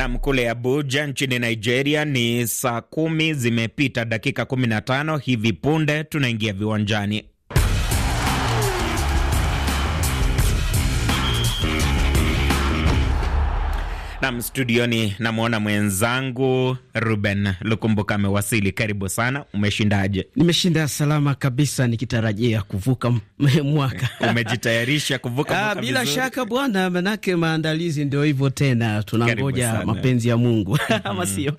Nam kule Abuja nchini Nigeria ni saa kumi zimepita dakika na tano Hivi punde tunaingia viwanjani. Nam studioni namwona mwenzangu Ruben Lukumbuka amewasili. Karibu sana. Umeshindaje? Nimeshinda salama kabisa, nikitarajia kuvuka mwaka. Umejitayarisha kuvuka ah, mwaka bila shaka bwana, manake maandalizi ndio hivyo tena, tunangoja mapenzi ya Mungu ama mm-hmm. sio?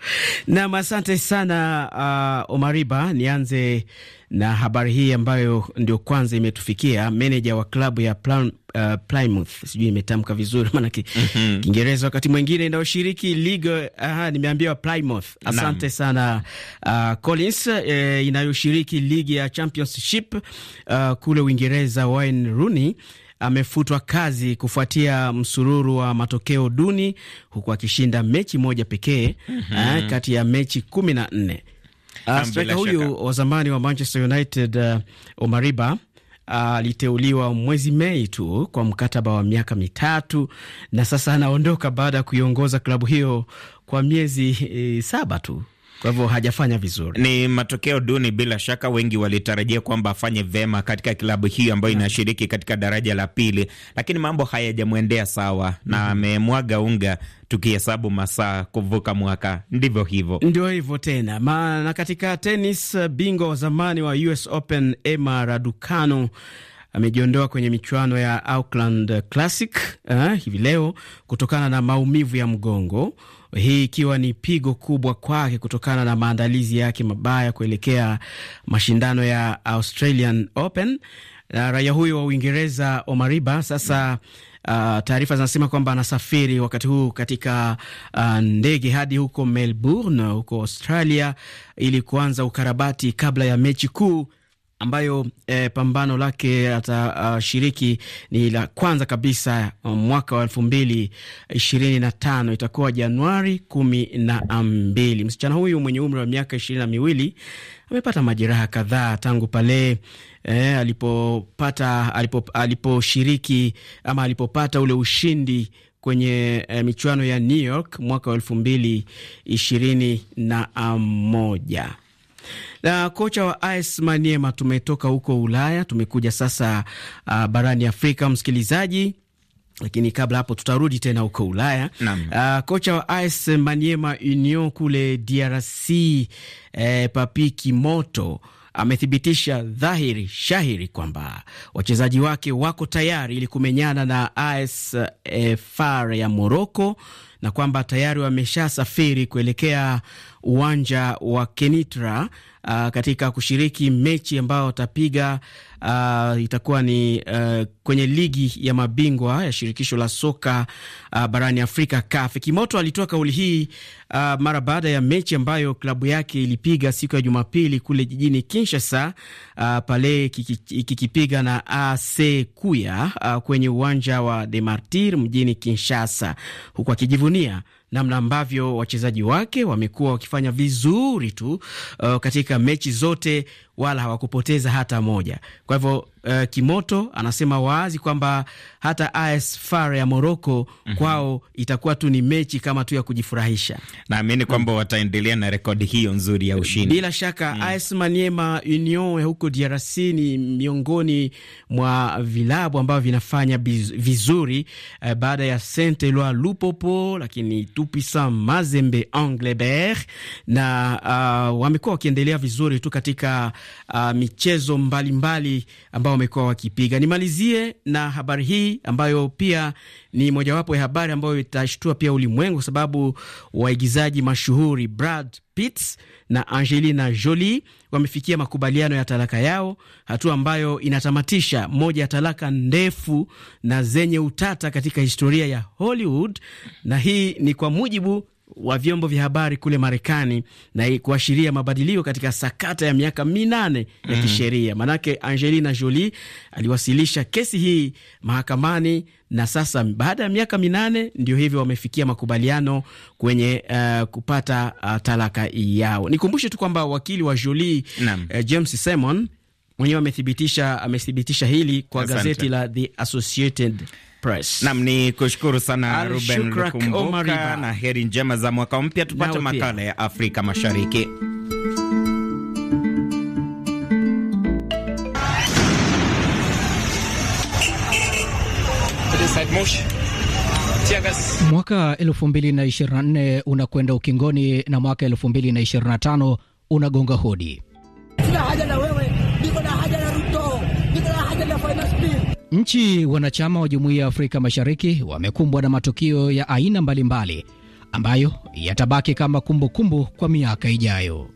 Nam, asante sana uh, Omariba, nianze na habari hii ambayo ndio kwanza imetufikia, meneja wa klabu ya Plum, uh, Plymouth, sijui imetamka vizuri maanake mm -hmm. Kiingereza wakati mwingine inayoshiriki ligue uh, nimeambiwa Plymouth. Asante Nam. sana uh, Collins eh, inayoshiriki ligi ya championship uh, kule Uingereza, Wayne Rooney amefutwa kazi kufuatia msururu wa matokeo duni huku akishinda mechi moja pekee mm -hmm. kati ya mechi kumi na nne. Ah, striker huyu wa zamani wa Manchester United uh, Omariba aliteuliwa uh, mwezi Mei tu kwa mkataba wa miaka mitatu na sasa anaondoka baada ya kuiongoza klabu hiyo kwa miezi e, saba tu. Kwa hivyo hajafanya vizuri, ni matokeo duni. Bila shaka wengi walitarajia kwamba afanye vema katika klabu hiyo ambayo inashiriki katika daraja la pili, lakini mambo hayajamwendea sawa na mm-hmm. amemwaga unga tukihesabu masaa kuvuka mwaka, ndivyo hivyo, ndio hivyo tena. Na katika tenis, bingwa wa zamani wa US Open Emma Raducanu amejiondoa kwenye michuano ya Auckland Classic uh, hivi leo kutokana na maumivu ya mgongo hii ikiwa ni pigo kubwa kwake kutokana na maandalizi yake mabaya kuelekea mashindano ya Australian Open. Na raia huyo wa Uingereza Omariba sasa Uh, taarifa zinasema kwamba anasafiri wakati huu katika uh, ndege hadi huko Melbourne huko Australia ili kuanza ukarabati kabla ya mechi kuu ambayo e, pambano lake atashiriki ah, ni la kwanza kabisa um, mwaka wa elfu mbili ishirini na tano itakuwa Januari kumi na mbili. Msichana huyu mwenye umri wa miaka ishirini na miwili amepata majeraha kadhaa tangu pale e, alipopata aliposhiriki ama alipopata ule ushindi kwenye e, michuano ya New York mwaka wa elfu mbili ishirini na moja. Na kocha wa AS Maniema, tumetoka huko Ulaya, tumekuja sasa uh, barani Afrika msikilizaji, lakini kabla hapo tutarudi tena huko Ulaya. Uh, kocha wa AS Maniema Union kule DRC eh, Papi Kimoto amethibitisha dhahiri shahiri kwamba wachezaji wake wako tayari ili kumenyana na AS eh, FAR ya Morocco na kwamba tayari wameshasafiri kuelekea uwanja wa Kenitra uh, katika kushiriki mechi ambayo watapiga uh, itakuwa ni uh, kwenye ligi ya mabingwa ya shirikisho la soka uh, barani Afrika CAF. Kimoto alitoa kauli hii uh, mara baada ya mechi ambayo klabu yake ilipiga siku ya Jumapili kule jijini Kinshasa uh, pale kikipiga na AC Kuya uh, kwenye uwanja wa De Martir mjini Kinshasa huku akijivunia dunia namna ambavyo wachezaji wake wamekuwa wakifanya vizuri tu uh, katika mechi zote wala hawakupoteza hata moja. Kwa hivyo uh, Kimoto anasema wazi kwamba hata AS Far ya Moroko mm -hmm. kwao itakuwa tu ni mechi kama tu ya kujifurahisha. Naamini mm. kwamba wataendelea na rekodi hiyo nzuri ya ushindi. Bila shaka mm. AS Maniema Union ya huko DRC ni miongoni mwa vilabu ambavyo vinafanya vizuri uh, baada ya Saint Eloi Lupopo lakini tout Mazembe Anglebert, na uh, wamekuwa wakiendelea vizuri tu katika uh, michezo mbalimbali ambao wamekuwa wakipiga. Nimalizie na habari hii ambayo pia ni mojawapo ya habari ambayo itashtua pia ulimwengu, kwa sababu waigizaji mashuhuri Brad Pitts na Angelina Jolie wamefikia makubaliano ya talaka yao, hatua ambayo inatamatisha moja ya talaka ndefu na zenye utata katika historia ya Hollywood, na hii ni kwa mujibu wa vyombo vya habari kule Marekani na kuashiria mabadiliko katika sakata ya miaka minane ya mm. kisheria. maanake Angelina Jolie aliwasilisha kesi hii mahakamani na sasa baada ya miaka minane ndio hivyo wamefikia makubaliano kwenye uh, kupata uh, talaka yao. Nikumbushe tu kwamba wakili wa Jolie uh, James Simon mwenyewe amethibitisha amethibitisha hili kwa Asante. gazeti la The Associated Price. Nam ni kushukuru sana Ruben Lukumbuka, na heri njema za mwaka mpya. Tupate makala ya Afrika Mashariki. Mwaka 2024 unakwenda ukingoni na mwaka 2025 unagonga hodi. Sina haja na wewe Nchi wanachama wa Jumuiya ya Afrika Mashariki wamekumbwa na matukio ya aina mbalimbali ambayo yatabaki kama kumbukumbu kumbu kwa miaka ijayo.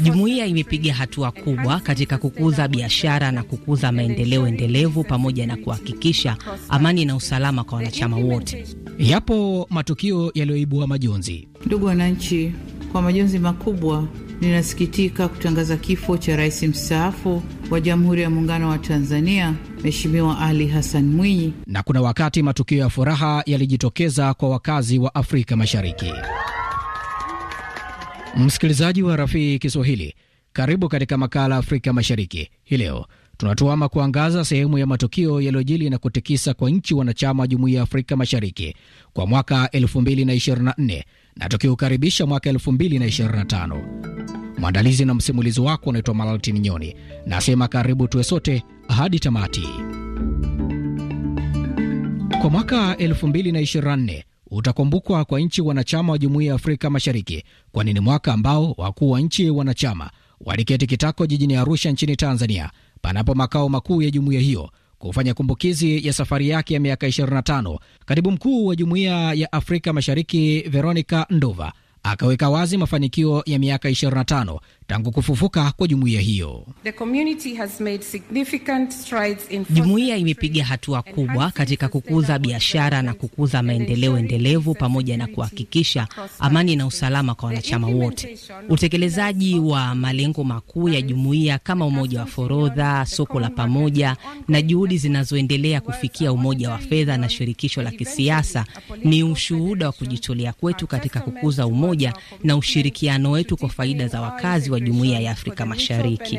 Jumuiya imepiga hatua kubwa katika kukuza biashara na kukuza maendeleo endelevu pamoja na kuhakikisha amani na usalama kwa wanachama wote. Yapo matukio yaliyoibua majonzi, ndugu wananchi, kwa majonzi makubwa Ninasikitika kutangaza kifo cha rais mstaafu wa Jamhuri ya Muungano wa Tanzania Mheshimiwa Ali Hassan Mwinyi. Na kuna wakati matukio ya furaha yalijitokeza kwa wakazi wa Afrika Mashariki. Msikilizaji wa Rafii Kiswahili, karibu katika makala Afrika Mashariki. Hii leo tunatuama kuangaza sehemu ya matukio yaliyojili na kutikisa kwa nchi wanachama Jumuiya ya Afrika Mashariki kwa mwaka 2024 na tukiukaribisha mwaka 2025. Mwandalizi na msimulizi wako unaitwa Malaltin Nyoni, nasema karibu tuwe sote hadi tamati. Kwa mwaka 2024 utakumbukwa kwa nchi wanachama wa Jumuiya ya Afrika Mashariki, kwani ni mwaka ambao wakuu wa nchi wanachama waliketi kitako jijini Arusha nchini Tanzania, panapo makao makuu ya jumuiya hiyo kufanya kumbukizi ya safari yake ya miaka 25. Katibu mkuu wa Jumuiya ya Afrika Mashariki Veronica Ndova akaweka wazi mafanikio ya miaka 25 tangu kufufuka kwa jumuiya hiyo. Jumuiya imepiga hatua kubwa katika kukuza biashara na kukuza maendeleo endelevu pamoja na kuhakikisha amani na usalama kwa wanachama wote. Utekelezaji wa malengo makuu ya jumuiya kama umoja wa forodha, soko la pamoja na juhudi zinazoendelea kufikia umoja wa fedha na shirikisho la kisiasa ni ushuhuda wa kujitolea kwetu katika kukuza umoja na ushirikiano wetu kwa faida za wakazi wa Jumuiya ya Afrika Mashariki.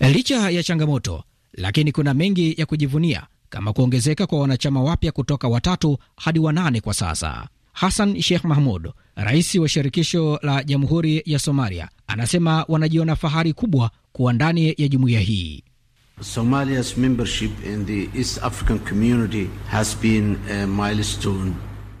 Licha ya changamoto, lakini kuna mengi ya kujivunia kama kuongezeka kwa wanachama wapya kutoka watatu hadi wanane kwa sasa. Hassan Sheikh Mahmud, rais wa shirikisho la Jamhuri ya Somalia, anasema wanajiona fahari kubwa kuwa ndani ya jumuiya hii. Somalia's membership in the East African community has been a milestone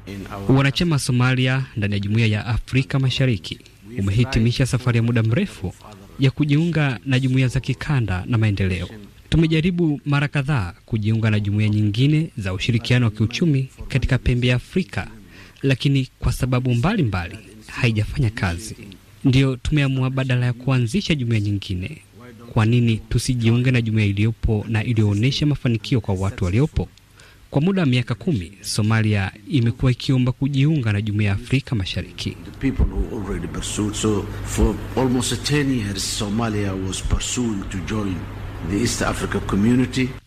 in our... wanachama Somalia ndani ya jumuiya ya Afrika Mashariki umehitimisha safari ya muda mrefu ya kujiunga na jumuiya za kikanda na maendeleo. Tumejaribu mara kadhaa kujiunga na jumuiya nyingine za ushirikiano wa kiuchumi katika pembe ya Afrika, lakini kwa sababu mbalimbali mbali, haijafanya kazi. Ndiyo tumeamua badala ya kuanzisha jumuiya nyingine, kwa nini tusijiunge na jumuiya iliyopo na iliyoonyesha mafanikio kwa watu waliopo? Kwa muda wa miaka kumi, Somalia imekuwa ikiomba kujiunga na jumuiya ya Afrika Mashariki.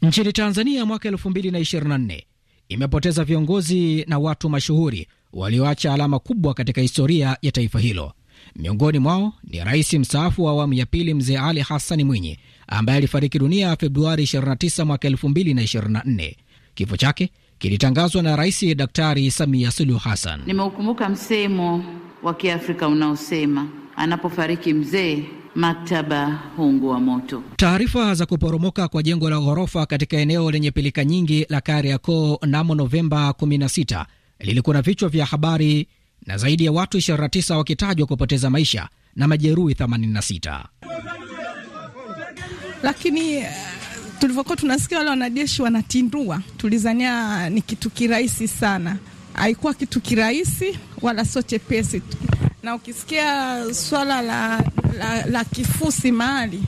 Nchini Tanzania mwaka 2024 imepoteza viongozi na watu mashuhuri walioacha alama kubwa katika historia ya taifa hilo. Miongoni mwao ni rais mstaafu wa awamu ya pili Mzee Ali Hassani Mwinyi ambaye alifariki dunia Februari 29 mwaka 2024. Kifo chake kilitangazwa na Rais Daktari Samia Suluhu Hassan. Nimeukumbuka msemo wa Kiafrika unaosema anapofariki mzee maktaba huungua moto. Taarifa za kuporomoka kwa jengo la ghorofa katika eneo lenye pilika nyingi la Kariakoo namo Novemba 16 lilikuwa na vichwa vya habari na zaidi ya watu 29 wakitajwa kupoteza maisha na majeruhi 86 lakini eh, tulivyokuwa tunasikia wale wanajeshi wanatindua, tulizania ni kitu kirahisi sana. Haikuwa kitu kirahisi wala sio chepesi, na ukisikia swala la, la, la kifusi mahali,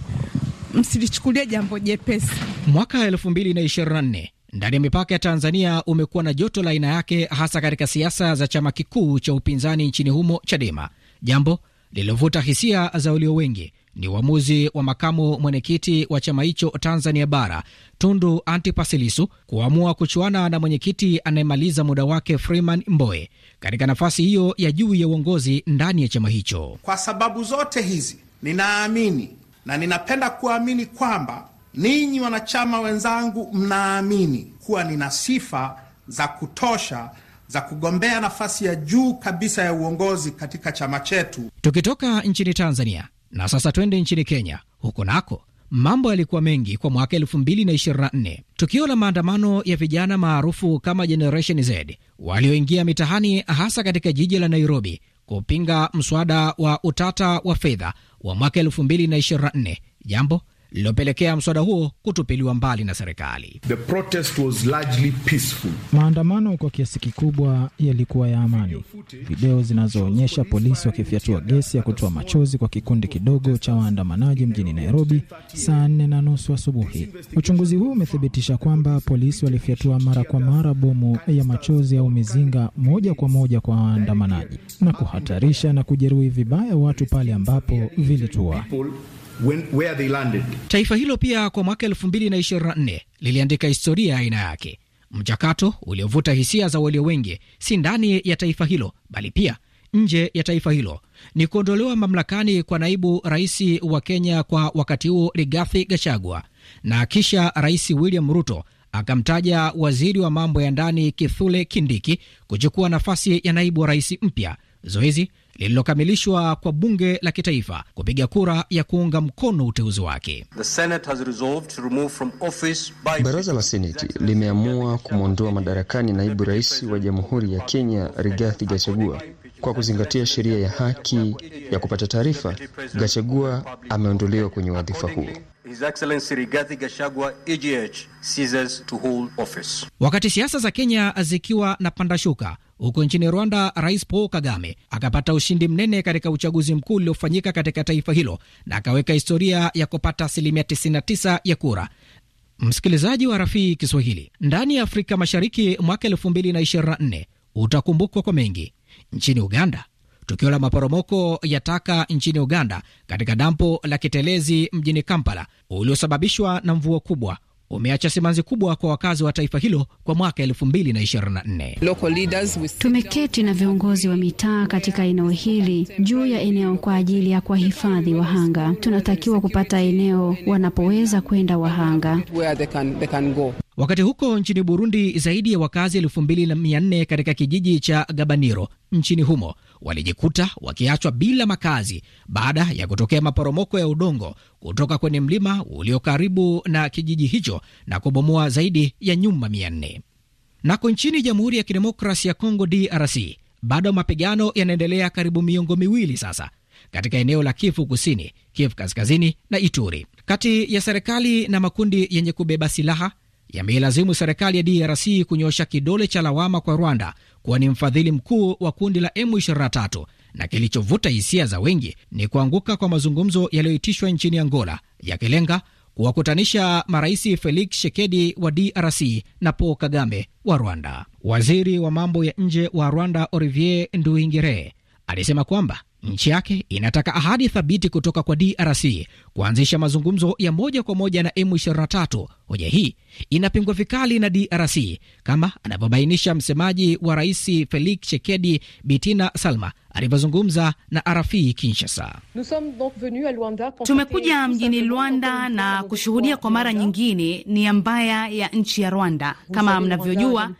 msilichukulie jambo jepesi. Mwaka elfu mbili na ishirini na nne ndani ya mipaka ya Tanzania umekuwa na joto la aina yake, hasa katika siasa za chama kikuu cha upinzani nchini humo, Chadema, jambo lililovuta hisia za walio wengi ni uamuzi wa makamu mwenyekiti wa chama hicho Tanzania Bara, Tundu antipasilisu kuamua kuchuana na mwenyekiti anayemaliza muda wake Freeman mboe katika nafasi hiyo ya juu ya uongozi ndani ya chama hicho. Kwa sababu zote hizi, ninaamini na ninapenda kuamini kwamba ninyi wanachama wenzangu mnaamini kuwa nina sifa za kutosha za kugombea nafasi ya juu kabisa ya uongozi katika chama chetu. Tukitoka nchini Tanzania, na sasa twende nchini Kenya. Huko nako mambo yalikuwa mengi kwa mwaka 2024. Tukio la maandamano ya vijana maarufu kama Generation Z walioingia mitahani hasa katika jiji la Nairobi kupinga mswada wa utata wa fedha wa mwaka 2024, jambo lililopelekea mswada huo kutupiliwa mbali na serikali. Maandamano kwa kiasi kikubwa yalikuwa ya amani. Video zinazoonyesha polisi wakifyatua gesi ya kutoa machozi kwa kikundi kidogo cha waandamanaji mjini Nairobi saa nne na nusu asubuhi. Uchunguzi huu umethibitisha kwamba polisi walifyatua mara kwa mara bomu ya machozi au mizinga moja kwa moja kwa waandamanaji na kuhatarisha na kujeruhi vibaya watu pale ambapo vilitua when, where they landed. Taifa hilo pia kwa mwaka 224 liliandika historia ya aina yake, mchakato uliovuta hisia za walio wengi, si ndani ya taifa hilo bali pia nje ya taifa hilo. Ni kuondolewa mamlakani kwa naibu rais wa Kenya kwa wakati huo Rigathi Gachagua, na kisha Rais William Ruto akamtaja waziri wa mambo ya ndani Kithule Kindiki kuchukua nafasi ya naibu wa rais mpya, zoezi lililokamilishwa kwa bunge la kitaifa kupiga kura ya kuunga mkono uteuzi wake. Baraza la Seneti limeamua kumwondoa madarakani naibu rais wa Jamhuri ya Kenya Rigathi Gachagua kwa kuzingatia sheria ya haki ya kupata taarifa. Gachagua ameondolewa kwenye wadhifa huo. His Excellency Rigathi Gachagua EGH ceases to hold office. Wakati siasa za Kenya zikiwa na pandashuka, huko nchini Rwanda, Rais Paul Kagame akapata ushindi mnene katika uchaguzi mkuu uliofanyika katika taifa hilo na akaweka historia ya kupata asilimia 99 ya kura. Msikilizaji wa Rafii Kiswahili, ndani ya Afrika Mashariki mwaka 2024 utakumbukwa kwa mengi. Nchini Uganda, tukio la maporomoko ya taka nchini Uganda katika dampo la Kitelezi mjini Kampala uliosababishwa na mvua kubwa umeacha simanzi kubwa kwa wakazi wa taifa hilo kwa mwaka 2024. Tumeketi na viongozi wa mitaa katika eneo hili juu ya eneo kwa ajili ya kuwahifadhi wahanga. Tunatakiwa kupata eneo wanapoweza kwenda wahanga. Wakati huko nchini Burundi, zaidi ya wakazi 24 katika kijiji cha Gabaniro nchini humo walijikuta wakiachwa bila makazi baada ya kutokea maporomoko ya udongo kutoka kwenye mlima ulio karibu na kijiji hicho na kubomoa zaidi ya nyumba mia nne. Nako nchini Jamhuri ya Kidemokrasi ya Kongo DRC bado mapigano yanaendelea karibu miongo miwili sasa katika eneo la Kivu Kusini, Kivu Kaskazini na Ituri, kati ya serikali na makundi yenye kubeba silaha yameilazimu serikali ya DRC kunyosha kidole cha lawama kwa Rwanda kuwa ni mfadhili mkuu wa kundi la M23 na kilichovuta hisia za wengi ni kuanguka kwa mazungumzo yaliyoitishwa nchini Angola yakilenga kuwakutanisha marais Felix shekedi wa DRC na Paul Kagame wa Rwanda. Waziri wa mambo ya nje wa Rwanda Olivier Nduingire alisema kwamba nchi yake inataka ahadi thabiti kutoka kwa DRC kuanzisha mazungumzo ya moja kwa moja na M23. Hoja hii inapingwa vikali na DRC kama anavyobainisha msemaji wa Rais Felix Chekedi Bitina Salma alivyozungumza na Arafi Kinshasa. Tumekuja mjini Luanda na kushuhudia kwa mara nyingine nia mbaya ya nchi ya Rwanda. Kama mnavyojua,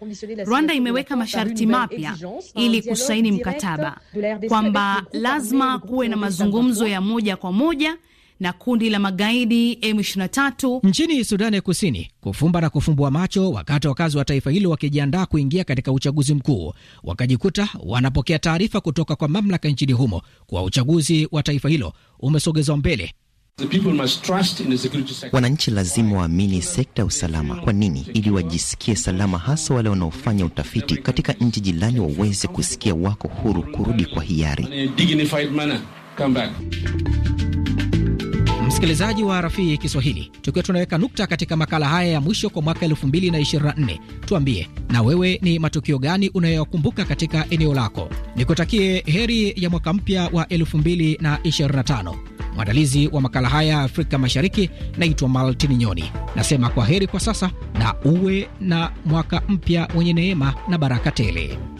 Rwanda imeweka masharti mapya ili kusaini mkataba kwamba lazima kuwe na mazungumzo ya moja kwa moja na kundi la magaidi M23 nchini Sudani Kusini kufumba na kufumbua macho wakati wakazi wa taifa hilo wakijiandaa kuingia katika uchaguzi mkuu, wakajikuta wanapokea taarifa kutoka kwa mamlaka nchini humo kuwa uchaguzi wa taifa hilo umesogezwa mbele. Wananchi lazima waamini sekta ya usalama. Kwa nini? Ili wajisikie salama, hasa wale wanaofanya utafiti katika nchi jirani waweze kusikia wako huru kurudi kwa hiari. Msikilizaji wa Rafii Kiswahili, tukiwa tunaweka nukta katika makala haya ya mwisho kwa mwaka 2024, tuambie na wewe ni matukio gani unayoyakumbuka katika eneo lako. Nikutakie heri ya mwaka mpya wa 2025. Mwandalizi wa makala haya Afrika Mashariki naitwa Maltin Nyoni, nasema kwa heri kwa sasa, na uwe na mwaka mpya wenye neema na baraka tele.